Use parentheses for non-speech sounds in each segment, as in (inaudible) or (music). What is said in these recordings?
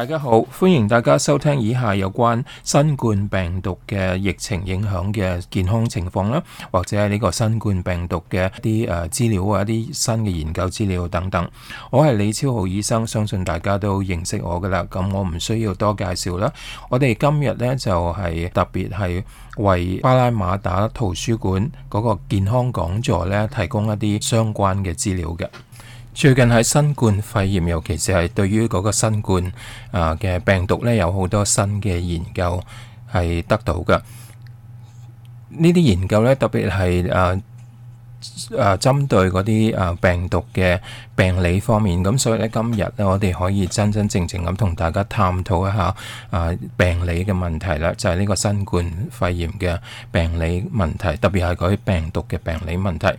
大家好，歡迎大家收聽以下有關新冠病毒嘅疫情影響嘅健康情況啦，或者係呢個新冠病毒嘅一啲誒資料啊，一啲新嘅研究資料等等。我係李超豪醫生，相信大家都認識我噶啦，咁我唔需要多介紹啦。我哋今日呢就係特別係為巴拉馬達圖書館嗰個健康講座呢提供一啲相關嘅資料嘅。最近喺新冠肺炎，尤其是係對於嗰個新冠啊嘅病毒咧，有好多新嘅研究係得到嘅。呢啲研究咧，特別係誒誒，針、啊啊、對嗰啲誒病毒嘅病理方面。咁所以咧，今日咧，我哋可以真真正正咁同大家探討一下誒、啊、病理嘅問題啦。就係、是、呢個新冠肺炎嘅病理問題，特別係嗰啲病毒嘅病理問題。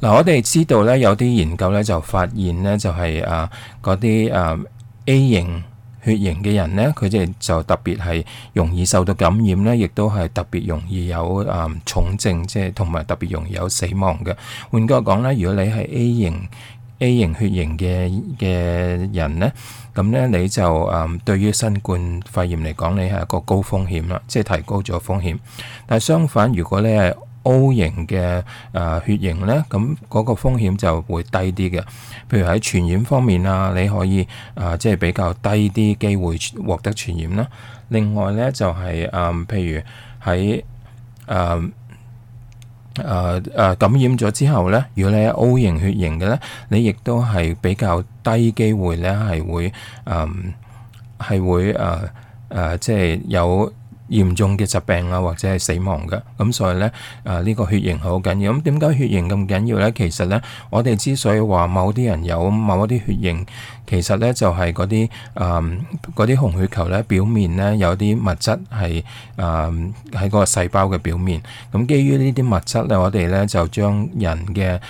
嗱、啊，我哋知道咧，有啲研究咧就發現咧，就係、是、啊嗰啲啊 A 型血型嘅人咧，佢哋就特別係容易受到感染咧，亦都係特別容易有啊重症，即係同埋特別容易有死亡嘅。換句講咧，如果你係 A 型 A 型血型嘅嘅人咧，咁咧你就啊對於新冠肺炎嚟講，你係一個高風險啦，即係提高咗風險。但係相反，如果你係 O 型嘅誒、呃、血型咧，咁嗰個風險就會低啲嘅。譬如喺傳染方面啊，你可以誒即係比較低啲機會獲得傳染啦。另外咧就係、是、誒、呃，譬如喺誒誒誒感染咗之後咧，如果你係 O 型血型嘅咧，你亦都係比較低機會咧係會誒係、呃、會誒誒即係有。嚴重嘅疾病啊，或者係死亡嘅。咁所以咧，誒呢個血型好緊要。咁點解血型咁緊要咧？其實咧，我哋之所以話某啲人有某一啲血型，其實咧就係嗰啲誒嗰啲紅血球咧表面咧有啲物質係誒喺嗰個細胞嘅表面。咁基於呢啲物質咧，我哋咧就將人嘅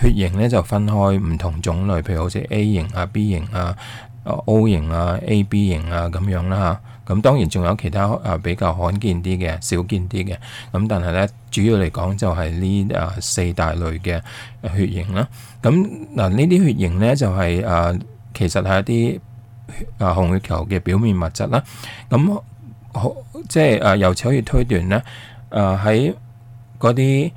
血型咧就分開唔同種類，譬如好似 A 型啊、B 型啊、O 型啊、AB 型啊咁樣啦。咁當然仲有其他啊比較罕見啲嘅、少見啲嘅，咁但係咧主要嚟講就係呢啊四大類嘅血型啦。咁嗱呢啲血型咧就係、是、啊其實係一啲啊紅血球嘅表面物質啦。咁好即係、就是、啊由此可以推斷咧啊喺嗰啲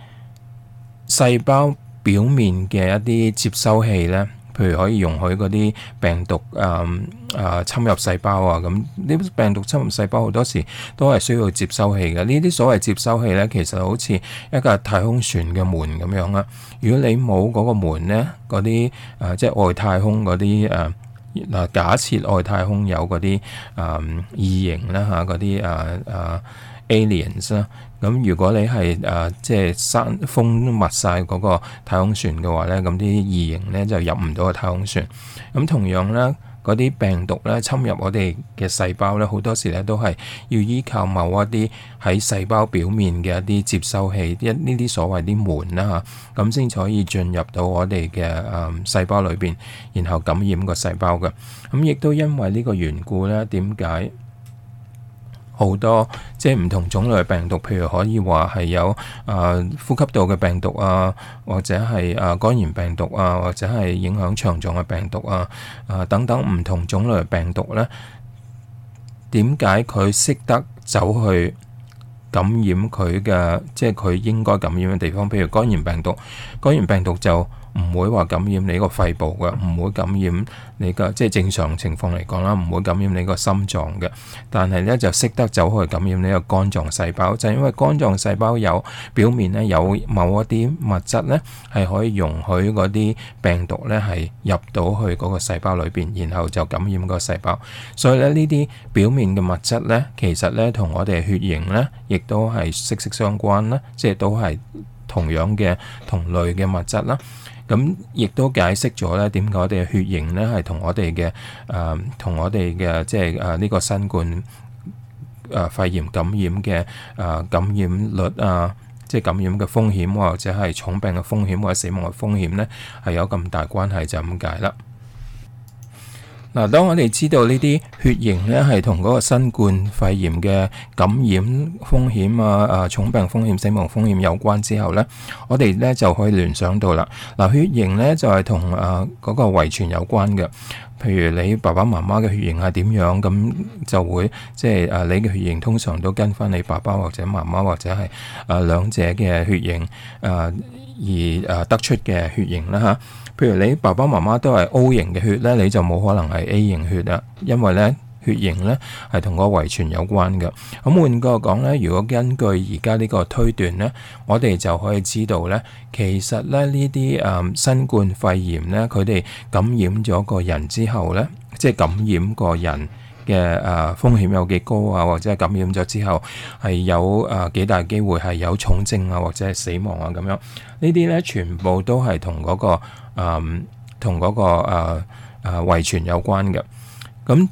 細胞表面嘅一啲接收器咧。譬如可以容許嗰啲病毒誒誒、嗯啊、侵入細胞啊，咁啲病毒侵入細胞好多時都係需要接收器嘅。呢啲所謂接收器咧，其實好似一架太空船嘅門咁樣啦。如果你冇嗰個門咧，嗰啲誒即係外太空嗰啲誒嗱，假設外太空有嗰啲誒異形啦嚇，嗰啲誒誒 Aliens 啦。咁如果你係誒、呃、即係封密晒嗰個太空船嘅話咧，咁啲異形咧就入唔到個太空船。咁同樣咧，嗰啲病毒咧侵入我哋嘅細胞咧，好多時咧都係要依靠某一啲喺細胞表面嘅一啲接收器一呢啲所謂啲門啦嚇，咁、啊、先才先至可以進入到我哋嘅誒細胞裏邊，然後感染個細胞嘅。咁亦都因為個緣呢個緣故咧，點解？好多即係唔同種類病毒，譬如可以話係有啊、呃、呼吸道嘅病毒啊，或者係啊、呃、肝炎病毒啊，或者係影響腸臟嘅病毒啊啊等等唔同種類病毒咧，點解佢識得走去感染佢嘅即係佢應該感染嘅地方？譬如肝炎病毒，肝炎病毒就。唔會話感染你個肺部嘅，唔會感染你個即係正常情況嚟講啦，唔會感染你個心臟嘅。但係咧就識得走去感染你個肝臟細胞，就係因為肝臟細胞有表面咧有某一啲物質咧係可以容許嗰啲病毒咧係入到去嗰個細胞裏邊，然後就感染個細胞。所以咧呢啲表面嘅物質咧，其實咧同我哋血型咧，亦都係息息相關啦，即係都係同樣嘅同類嘅物質啦。咁亦都解釋咗咧點解我哋嘅血型咧係同我哋嘅誒同我哋嘅即係誒呢個新冠誒肺炎感染嘅誒、啊、感染率啊，即係感染嘅風險或者係重病嘅風險或者死亡嘅風險咧，係有咁大關係就咁、是、解啦。嗱，當我哋知道呢啲血型咧係同嗰個新冠肺炎嘅感染風險啊、誒重病風險、死亡風險有關之後咧，我哋咧就可以聯想到啦。嗱、啊，血型咧就係、係、同誒嗰、啊、嗰個遺傳有關嘅。譬如你爸爸媽媽嘅血型係點樣，咁就會即係誒你嘅血型通常都跟翻你爸爸或者媽媽或者係誒、啊、兩者嘅血型誒、啊、而誒、啊、得出嘅血型啦吓。譬如你爸爸媽媽都係 O 型嘅血咧，你就冇可能係 A 型血啦，因為咧血型咧係同個遺傳有關嘅。咁、嗯、換句講咧，如果根據而家呢個推斷咧，我哋就可以知道咧，其實咧呢啲誒、嗯、新冠肺炎咧，佢哋感染咗個人之後咧，即係感染個人。嘅誒、啊、風險有幾高啊，或者係感染咗之後係有誒、啊、幾大機會係有重症啊，或者係死亡啊咁樣，呢啲咧全部都係同嗰、嗰個、嗯、同嗰、嗰個誒誒、啊啊、遺傳有關嘅，咁、嗯。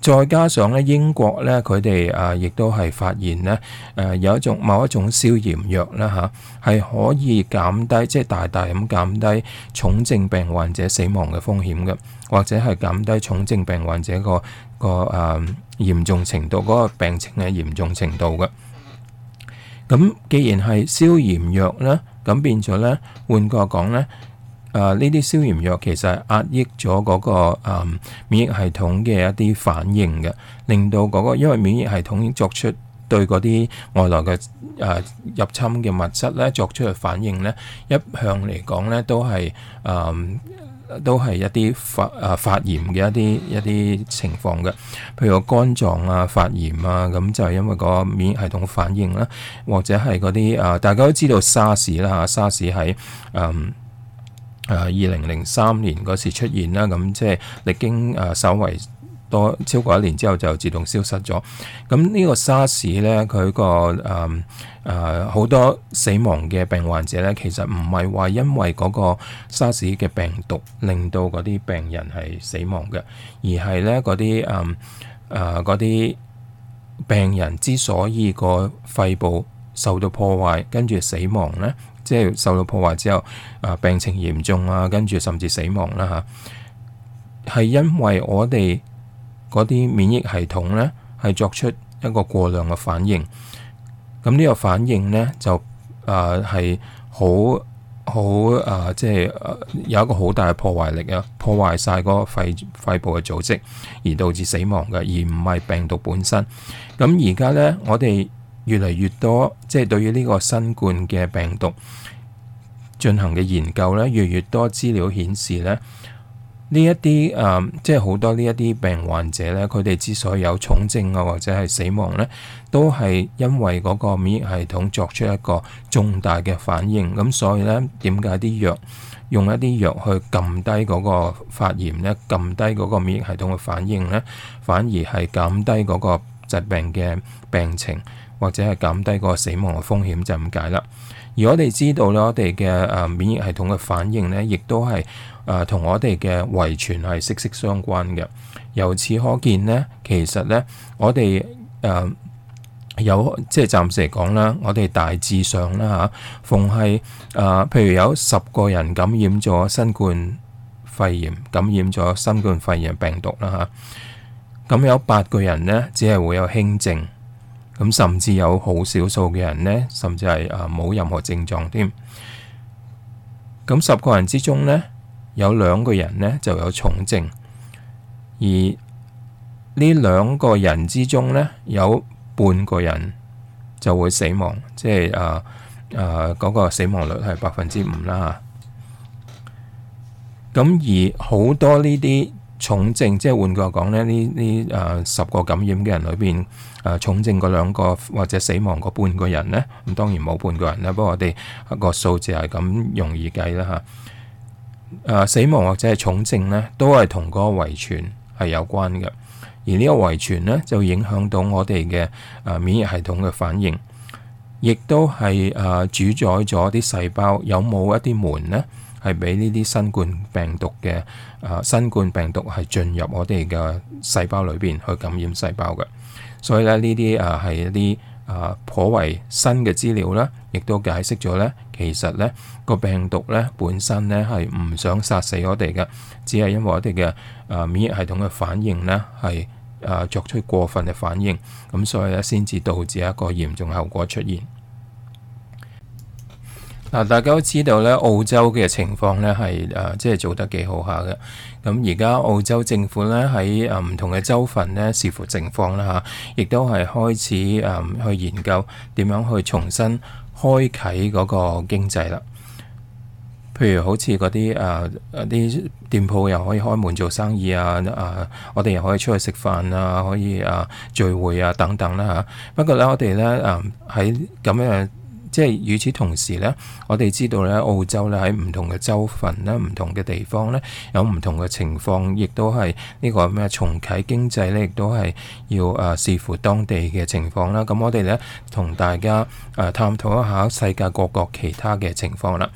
再加上咧，英國咧，佢哋啊，亦都係發現咧，誒有一種某一種消炎藥啦嚇，係可以減低，即係大大咁減低重症病患者死亡嘅風險嘅，或者係減低重症病患者個個誒嚴重程度嗰個病情嘅嚴重程度嘅。咁既然係消炎藥啦，咁變咗咧，換句話講咧。呢啲、呃、消炎藥其實係壓抑咗嗰、那個、呃、免疫系統嘅一啲反應嘅，令到嗰、那個因為免疫系統作出對嗰啲外來嘅誒、呃、入侵嘅物質咧作出嘅反應咧，一向嚟講咧都係誒、呃、都係一啲發誒、呃、發炎嘅一啲一啲情況嘅，譬如肝臟啊發炎啊，咁就係因為嗰個免疫系統反應啦，或者係嗰啲誒大家都知道沙士啦嚇，沙士係誒誒二零零三年嗰時出現啦，咁即係歷經誒稍為多超過一年之後就自動消失咗。咁呢個沙士咧，佢個誒誒好多死亡嘅病患者咧，其實唔係話因為嗰個沙士嘅病毒令到嗰啲病人係死亡嘅，而係咧嗰啲誒誒嗰啲病人之所以個肺部受到破壞，跟住死亡咧。即係受到破壞之後，啊病情嚴重啊，跟住甚至死亡啦，啊、吓，係因為我哋嗰啲免疫系統咧係作出一個過量嘅反應，咁呢個反應咧就啊係好好啊即係有一個好大嘅破壞力啊，破壞晒嗰個肺肺部嘅組織而導致死亡嘅，而唔係病毒本身。咁而家咧我哋。越嚟越多，即係對於呢個新冠嘅病毒進行嘅研究咧，越越多資料顯示咧，呢一啲誒、呃，即係好多呢一啲病患者咧，佢哋之所以有重症啊，或者係死亡咧，都係因為嗰個免疫系統作出一個重大嘅反應。咁所以咧，點解啲藥用一啲藥去撳低嗰個發炎咧，撳低嗰個免疫系統嘅反應咧，反而係減低嗰個疾病嘅病情？或者係減低個死亡嘅風險，就咁解啦。而我哋知道咧，我哋嘅誒免疫系統嘅反應咧，亦都係誒同我哋嘅遺傳係息息相關嘅。由此可見咧，其實咧，我哋誒、呃、有即係暫時嚟講啦，我哋大致上啦吓，逢係誒，譬如有十個人感染咗新冠肺炎，感染咗新冠肺炎病毒啦吓，咁有八個人咧，只係會有輕症。咁甚至有好少數嘅人咧，甚至係誒冇任何症狀添。咁十個人之中咧，有兩個人咧就有重症，而呢兩個人之中咧，有半個人就會死亡，即係誒誒嗰個死亡率係百分之五啦。咁而好多呢啲。重症即係換句話講咧，呢呢誒十個感染嘅人裏邊誒、呃，重症嗰兩個或者死亡嗰半個人咧，咁當然冇半個人啦。不過我哋一個數字係咁容易計啦吓。誒、啊，死亡或者係重症咧，都係同嗰個遺傳係有關嘅。而呢個遺傳咧，就會影響到我哋嘅誒免疫系統嘅反應，亦都係誒、呃、主宰咗啲細胞有冇一啲門咧。係俾呢啲新冠病毒嘅，啊，新冠病毒係進入我哋嘅細胞裏邊去感染細胞嘅，所以咧，呢啲啊係一啲啊頗為新嘅資料啦，亦都解釋咗咧，其實咧個病毒咧本身咧係唔想殺死我哋嘅，只係因為我哋嘅啊免疫系統嘅反應咧係啊作出過分嘅反應，咁所以咧先至導致一個嚴重後果出現。嗱，大家都知道咧，澳洲嘅情況咧係誒，即係做得幾好下嘅。咁而家澳洲政府咧喺誒唔同嘅州份咧視乎情況啦嚇，亦都係開始誒、嗯、去研究點樣去重新開啟嗰個經濟啦。譬如好似嗰啲誒啲店鋪又可以開門做生意啊，誒、啊、我哋又可以出去食飯啊，可以誒、啊、聚會啊等等啦、啊、嚇。不過咧，我哋咧誒喺咁樣。即係與此同時呢，我哋知道咧，澳洲咧喺唔同嘅州份咧、唔同嘅地方咧，有唔同嘅情況，亦都係呢個咩重啟經濟咧，亦都係要誒視乎當地嘅情況啦。咁我哋呢，同大家誒探討一下世界各國其他嘅情況啦。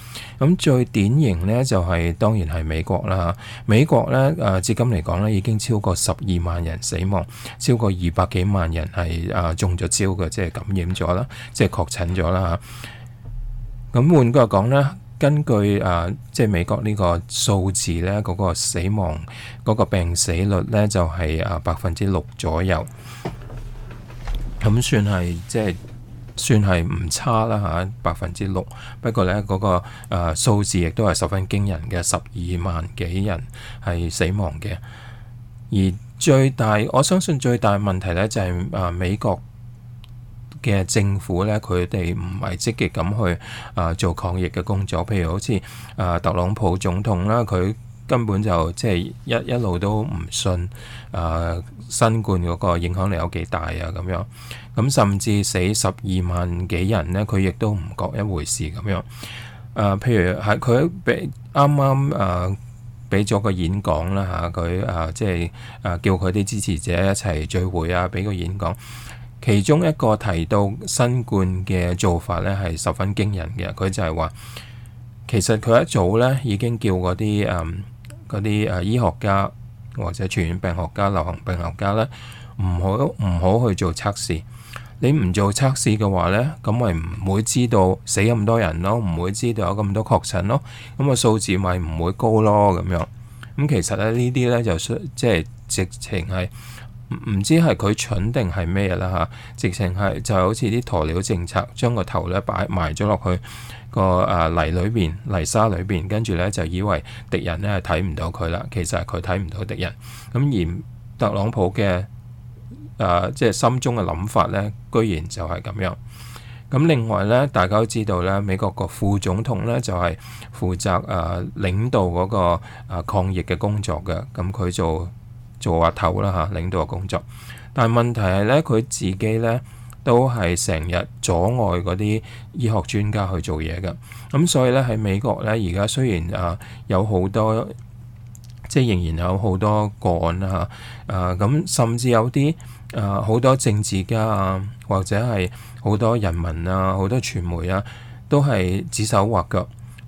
咁最典型呢、就是，就係當然係美國啦，美國呢，誒，至今嚟講呢，已經超過十二萬人死亡，超過二百幾萬人係誒、啊、中咗招嘅，即係感染咗啦，即係確診咗啦吓。咁換句話講呢，根據誒、啊、即係美國呢個數字呢，嗰、那個死亡嗰、那個病死率呢，就係誒百分之六左右，咁算係即係。算係唔差啦嚇，百分之六。不過呢嗰、那個誒、呃、數字亦都係十分驚人嘅，十二萬幾人係死亡嘅。而最大我相信最大問題呢就係、是、誒、啊、美國嘅政府呢，佢哋唔係積極咁去誒、啊、做抗疫嘅工作，譬如好似誒、啊、特朗普總統啦，佢、啊、根本就即係、就是、一一路都唔信誒。啊新冠嗰個影響力有幾大啊？咁樣咁甚至死十二萬幾人呢，佢亦都唔覺一回事咁樣、呃。譬如喺佢俾啱啱誒咗個演講啦嚇，佢誒、呃、即係誒、呃、叫佢啲支持者一齊聚會啊，俾個演講。其中一個提到新冠嘅做法呢，係十分驚人嘅。佢就係話，其實佢一早呢已經叫嗰啲誒嗰啲誒醫學家。或者傳染病學家、流行病學家咧，唔好唔好去做測試。你唔做測試嘅話咧，咁咪唔會知道死咁多人咯，唔會知道有咁多確診咯，咁個數字咪唔會高咯咁樣。咁其實咧呢啲咧就即係直情係唔知係佢蠢定係咩啦吓，直情係就好似啲鴕鳥政策，將個頭咧擺埋咗落去。個誒泥裏邊、泥沙裏邊，跟住呢就以為敵人係睇唔到佢啦，其實係佢睇唔到敵人。咁而特朗普嘅誒、呃、即係心中嘅諗法呢，居然就係咁樣。咁另外呢，大家都知道呢，美國個副總統呢就係、是、負責誒領導嗰個抗疫嘅工作嘅，咁佢做做阿頭啦嚇，領導嘅、那個呃工，嗯啊、工作。但係問題係呢，佢自己呢。都係成日阻礙嗰啲醫學專家去做嘢嘅，咁所以咧，喺美國咧，而家雖然啊有好多，即係仍然有好多個案啦，啊咁、啊、甚至有啲啊好多政治家啊或者係好多人民啊好多傳媒啊都係指手畫腳，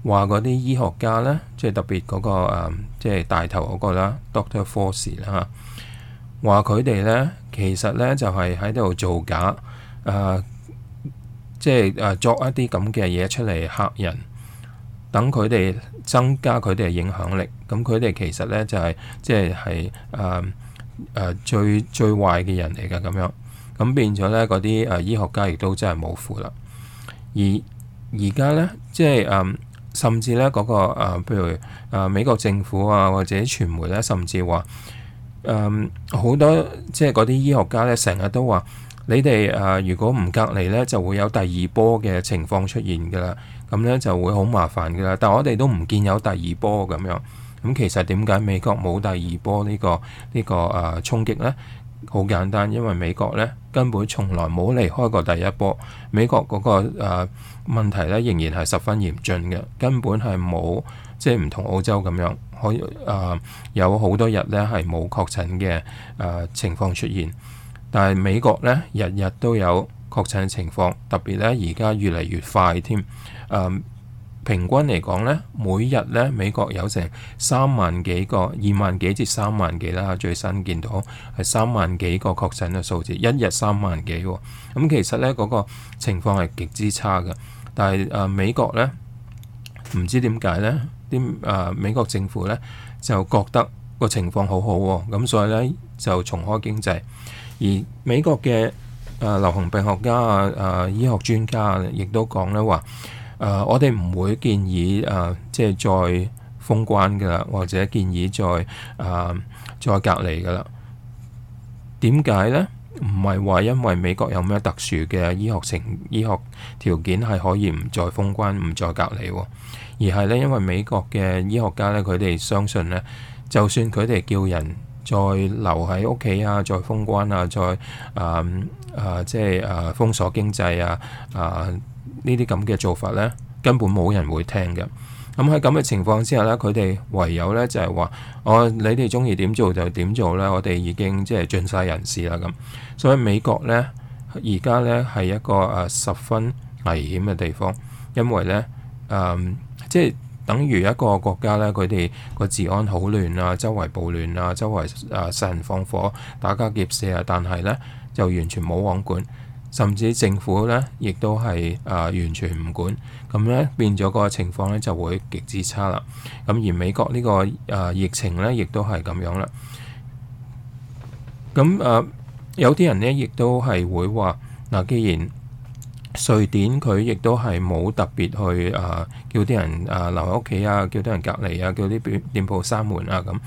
話嗰啲醫學家咧，即係特別嗰、那個啊即係大頭嗰、那個啦，Doctor Fauci 啦嚇，話佢哋咧其實咧就係喺度造假。誒、啊，即係誒、啊，作一啲咁嘅嘢出嚟嚇人，等佢哋增加佢哋嘅影響力。咁佢哋其實咧就係、是，即係係誒誒最最壞嘅人嚟嘅咁樣。咁變咗咧，嗰啲誒醫學家亦都真係冇負啦。而而家咧，即係誒、啊，甚至咧嗰、那個、啊、譬如誒、啊、美國政府啊，或者傳媒咧、啊，甚至話誒好多，即係嗰啲醫學家咧，成日都話。你哋誒、啊、如果唔隔離呢，就會有第二波嘅情況出現噶啦，咁呢就會好麻煩噶啦。但我哋都唔見有第二波咁樣。咁、嗯、其實點解美國冇第二波呢、呢個呢、呢個誒、啊、衝擊呢？好簡單，因為美國呢根本從來冇離開過第一波。美國嗰、嗰個誒、啊、問題呢仍然係十分嚴峻嘅，根本係冇即係唔同澳洲咁樣，可以誒、啊、有好多日呢係冇確診嘅誒、啊、情況出現。但係美國咧，日日都有確診嘅情況，特別咧而家越嚟越快添。誒、嗯，平均嚟講咧，每日咧美國有成三萬幾個，二萬幾至三萬幾啦。最新見到係三萬幾個確診嘅數字，一日三萬幾、哦。咁、嗯、其實咧嗰、那個情況係極之差㗎。但係誒、呃、美國咧唔知點解咧啲誒美國政府咧就覺得個情況好好、哦、喎，咁所以咧就重開經濟。而美國嘅誒、呃、流行病學家啊、誒、呃、醫學專家啊，亦都講咧話誒，我哋唔會建議誒、呃，即係再封關噶啦，或者建議再誒、呃、再隔離噶啦。點解咧？唔係話因為美國有咩特殊嘅醫學情、醫學條件係可以唔再封關、唔再隔離，而係咧因為美國嘅醫學家咧，佢哋相信咧，就算佢哋叫人，再留喺屋企啊，再封關啊，再啊、嗯、啊，即係啊封鎖經濟啊啊，呢啲咁嘅做法咧，根本冇人會聽嘅。咁喺咁嘅情況之下咧，佢哋唯有咧就係、是、話、哦：我你哋中意點做就點做啦，我哋已經即係盡晒人事啦咁。所以美國咧，而家咧係一個啊十分危險嘅地方，因為咧，嗯，即係。等於一個國家呢，佢哋個治安好亂啊，周圍暴亂啊，周圍誒殺人放火、打家劫舍啊，但係呢，就完全冇王管，甚至政府呢，亦都係誒、啊、完全唔管，咁呢，變咗個情況呢，就會極之差啦。咁而美國呢、呢個誒、啊、疫情呢，亦都係咁樣啦。咁誒、啊、有啲人呢，亦都係會話，嗱、啊、既然。瑞典佢亦都係冇特別去誒叫啲人誒留喺屋企啊，叫啲人、啊、人隔離啊，叫啲店店鋪閂門啊咁。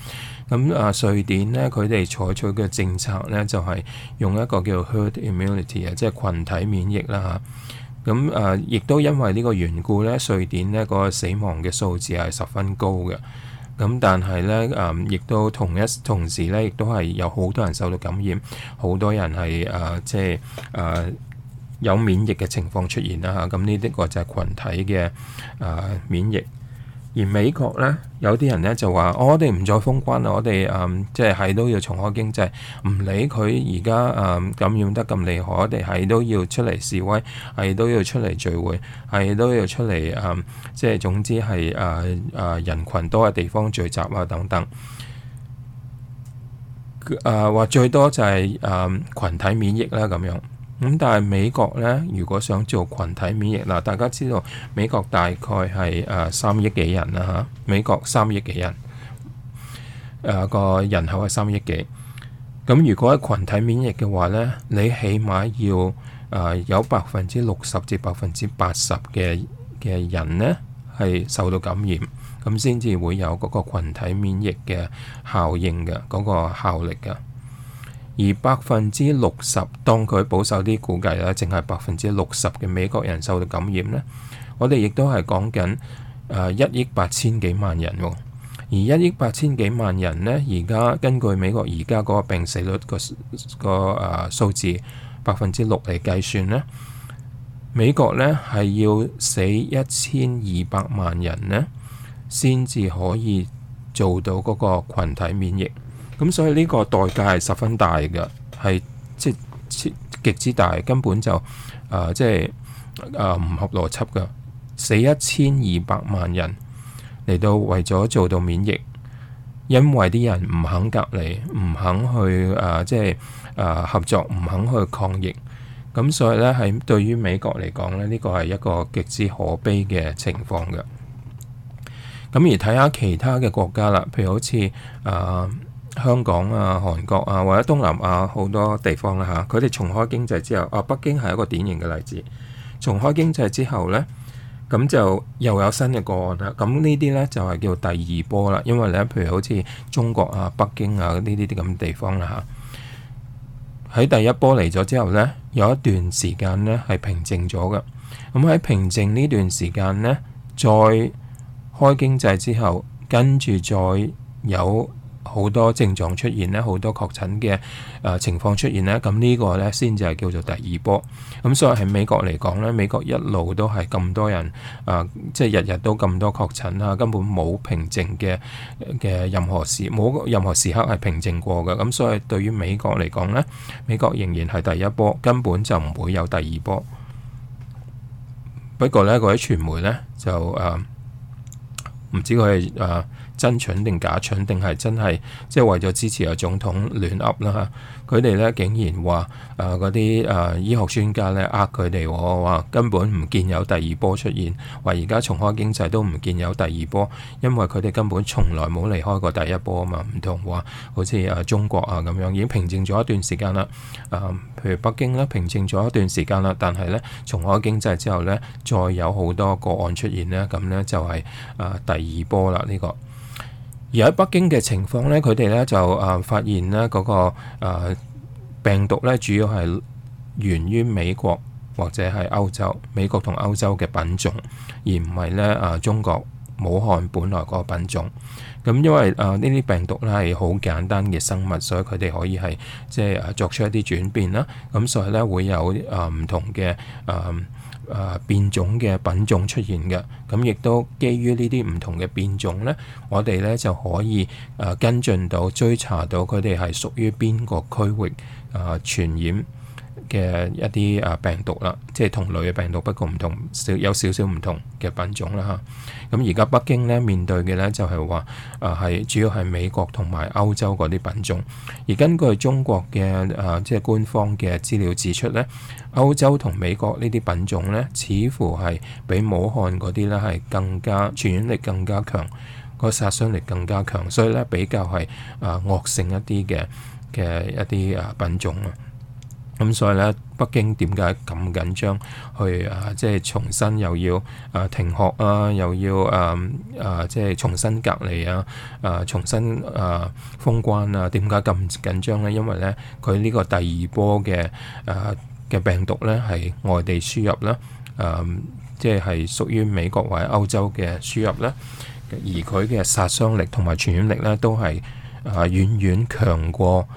咁誒瑞典呢，佢哋採取嘅政策呢，就係、是、用一個叫 herd immunity 啊，即係群體免疫啦嚇。咁誒亦都因為呢個緣故呢，瑞典呢、個死亡嘅數字係十分高嘅。咁、啊、但係呢，誒、啊，亦都同一同時呢，亦都係有好多人受到感染，好多人係誒、啊、即係誒。啊有免疫嘅情況出現啦嚇，咁呢啲個就係群體嘅、呃、免疫。而美國呢，有啲人呢就話、哦：我哋唔再封關啦，我哋誒、嗯、即係係係都要重開經濟，唔理佢而家誒感染得咁厲害，我哋係都要出嚟示威，係都要出嚟聚會，係都要出嚟誒、嗯，即係總之係誒誒人群多嘅地方聚集啊等等。誒、啊、話最多就係誒群體免疫啦咁樣。咁但係美國咧，如果想做羣體免疫啦，大家知道美國大概係誒三億幾人啦吓，美國三億幾人，誒個人口係三億幾。咁如果係羣體免疫嘅話咧，你起碼要誒有百分之六十至百分之八十嘅嘅人咧係受到感染，咁先至會有嗰個羣體免疫嘅效應嘅嗰個效力嘅。而百分之六十，當佢保守啲估計啦，淨係百分之六十嘅美國人受到感染咧，我哋亦都係講緊誒一億八千幾萬人喎。而一億八千幾萬人咧，而家根據美國而家嗰個病死率個個誒數字百分之六嚟計算咧，美國咧係要死一千二百萬人咧，先至可以做到嗰個群體免疫。咁所以呢個代價係十分大嘅，係即係極之大，根本就誒、呃、即係誒唔合邏輯嘅。死一千二百萬人嚟到為咗做到免疫，因為啲人唔肯隔離，唔肯去誒、呃、即係誒、呃、合作，唔肯去抗疫。咁所以咧，係對於美國嚟講咧，呢、這個係一個極之可悲嘅情況嘅。咁而睇下其他嘅國家啦，譬如好似誒。呃香港啊、韓國啊，或者東南亞好多地方啦，嚇佢哋重開經濟之後，啊北京係一個典型嘅例子。重開經濟之後咧，咁就又有新嘅個案啦。咁呢啲咧就係叫第二波啦。因為咧，譬如好似中國啊、北京啊呢啲啲咁嘅地方啦，嚇喺第一波嚟咗之後咧，有一段時間咧係平靜咗嘅。咁喺平靜呢段時間咧，再開經濟之後，跟住再有。好多症狀出現呢好多確診嘅、誒、呃、情況出現呢，咁呢個呢，先至係叫做第二波。咁所以喺美國嚟講呢，美國一路都係咁多人誒、呃，即係日日都咁多確診啦，根本冇平靜嘅嘅任何時冇任何時刻係平靜過嘅。咁所以對於美國嚟講呢，美國仍然係第一波，根本就唔會有第二波。不過呢，嗰啲傳媒呢，就誒，唔、呃、知佢哋誒。呃真蠢定假蠢定係真係，即係為咗支持啊總統亂噏啦嚇！佢哋呢竟然話嗰啲誒醫學專家呢呃佢哋話根本唔見有第二波出現，話而家重開經濟都唔見有第二波，因為佢哋根本從來冇離開過第一波啊嘛，唔同話好似、呃、中國啊咁樣已經平靜咗一段時間啦、呃，譬如北京啦平靜咗一段時間啦，但係呢，重開經濟之後呢，再有好多個案出現呢。咁呢，就係、是呃、第二波啦呢、呢個。而喺北京嘅情況咧，佢哋咧就啊發現咧嗰個啊病毒咧主要係源於美國或者係歐洲，美國同歐洲嘅品種，而唔係咧啊中國武漢本來嗰個品種。咁因為啊呢啲病毒咧係好簡單嘅生物，所以佢哋可以係即係作出一啲轉變啦。咁所以咧會有啊唔同嘅啊。誒、啊、變種嘅品種出現㗎，咁亦都基於呢啲唔同嘅變種咧，我哋咧就可以誒、啊、跟進到追查到佢哋係屬於邊個區域誒、啊、傳染。嘅一啲啊病毒啦，即係同類嘅病毒，不過唔同少有少少唔同嘅品種啦嚇。咁而家北京咧面對嘅咧就係話，誒係主要係美國同埋歐洲嗰啲品種。而根據中國嘅誒即係官方嘅資料指出咧，歐洲同美國呢啲品種咧，似乎係比武漢嗰啲咧係更加傳染力更加強，個殺傷力更加強，所以咧比較係誒惡性一啲嘅嘅一啲誒品種啊。咁所以咧，北京點解咁緊張？去啊，即係重新又要啊停學啊，又要誒誒，即係重新隔離啊，誒重新誒封關啊？點解咁緊張咧？因為咧，佢呢個第二波嘅誒嘅病毒咧，係外地輸入啦，誒即係係屬於美國或者歐洲嘅輸入啦，而佢嘅殺傷力同埋傳染力咧，都係誒遠遠強過。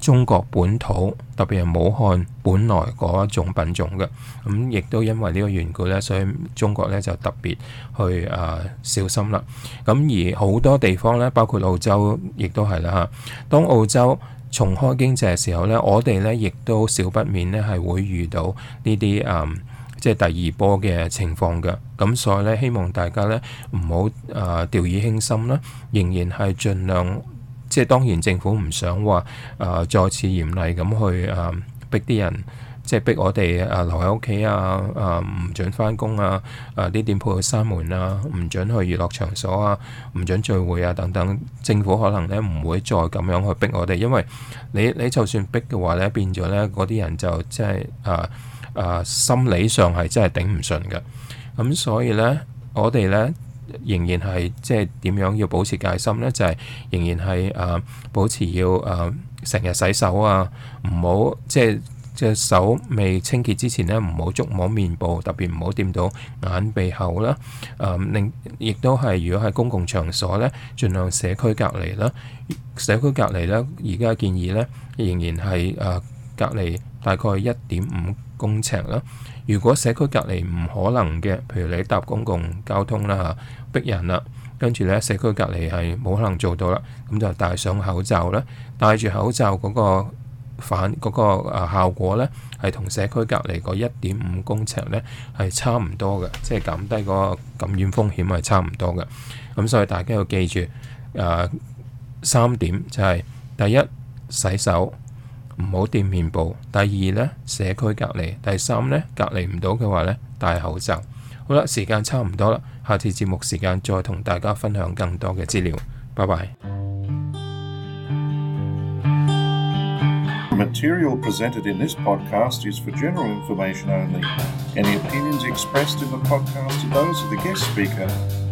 中國本土特別係武漢本來嗰種品種嘅，咁亦都因為呢個緣故咧，所以中國咧就特別去誒、呃、小心啦。咁而好多地方咧，包括澳洲，亦都係啦。當澳洲重開經濟嘅時候咧，我哋咧亦都少不免咧係會遇到呢啲誒，即係第二波嘅情況嘅。咁所以咧，希望大家咧唔好誒掉以輕心啦，仍然係盡量。即係當然，政府唔想話誒再次嚴厲咁去誒逼啲人，即係逼我哋誒留喺屋企啊，誒唔準翻工啊，誒啲店鋪去閂門啊，唔準去娛樂場所啊，唔準聚會啊等等。政府可能咧唔會再咁樣去逼我哋，因為你你就算逼嘅話咧，變咗咧嗰啲人就即係誒誒心理上係真係頂唔順嘅。咁所以咧，我哋咧。仍然係即係點樣要保持戒心咧？就係、是、仍然係誒、呃、保持要誒成日洗手啊！唔好即係隻手未清潔之前咧，唔好觸摸面部，特別唔好掂到眼鼻口啦。誒、呃，另亦都係如果喺公共場所咧，盡量社區隔離啦。社區隔離咧，而家建議咧，仍然係誒、呃、隔離大概一點五公尺啦，如果社區隔離唔可能嘅，譬如你搭公共交通啦嚇，逼人啦，跟住咧社區隔離係冇可能做到啦，咁就戴上口罩啦，戴住口罩嗰個反嗰個誒效果咧，係同社區隔離個一點五公尺咧係差唔多嘅，即係減低個感染風險係差唔多嘅，咁所以大家要記住誒三點，就係第一洗手。唔好掂面部。第二呢，社區隔離。第三呢，隔離唔到嘅話呢，戴口罩。好啦，時間差唔多啦，下次節目時間再同大家分享更多嘅資料。拜拜。 (music)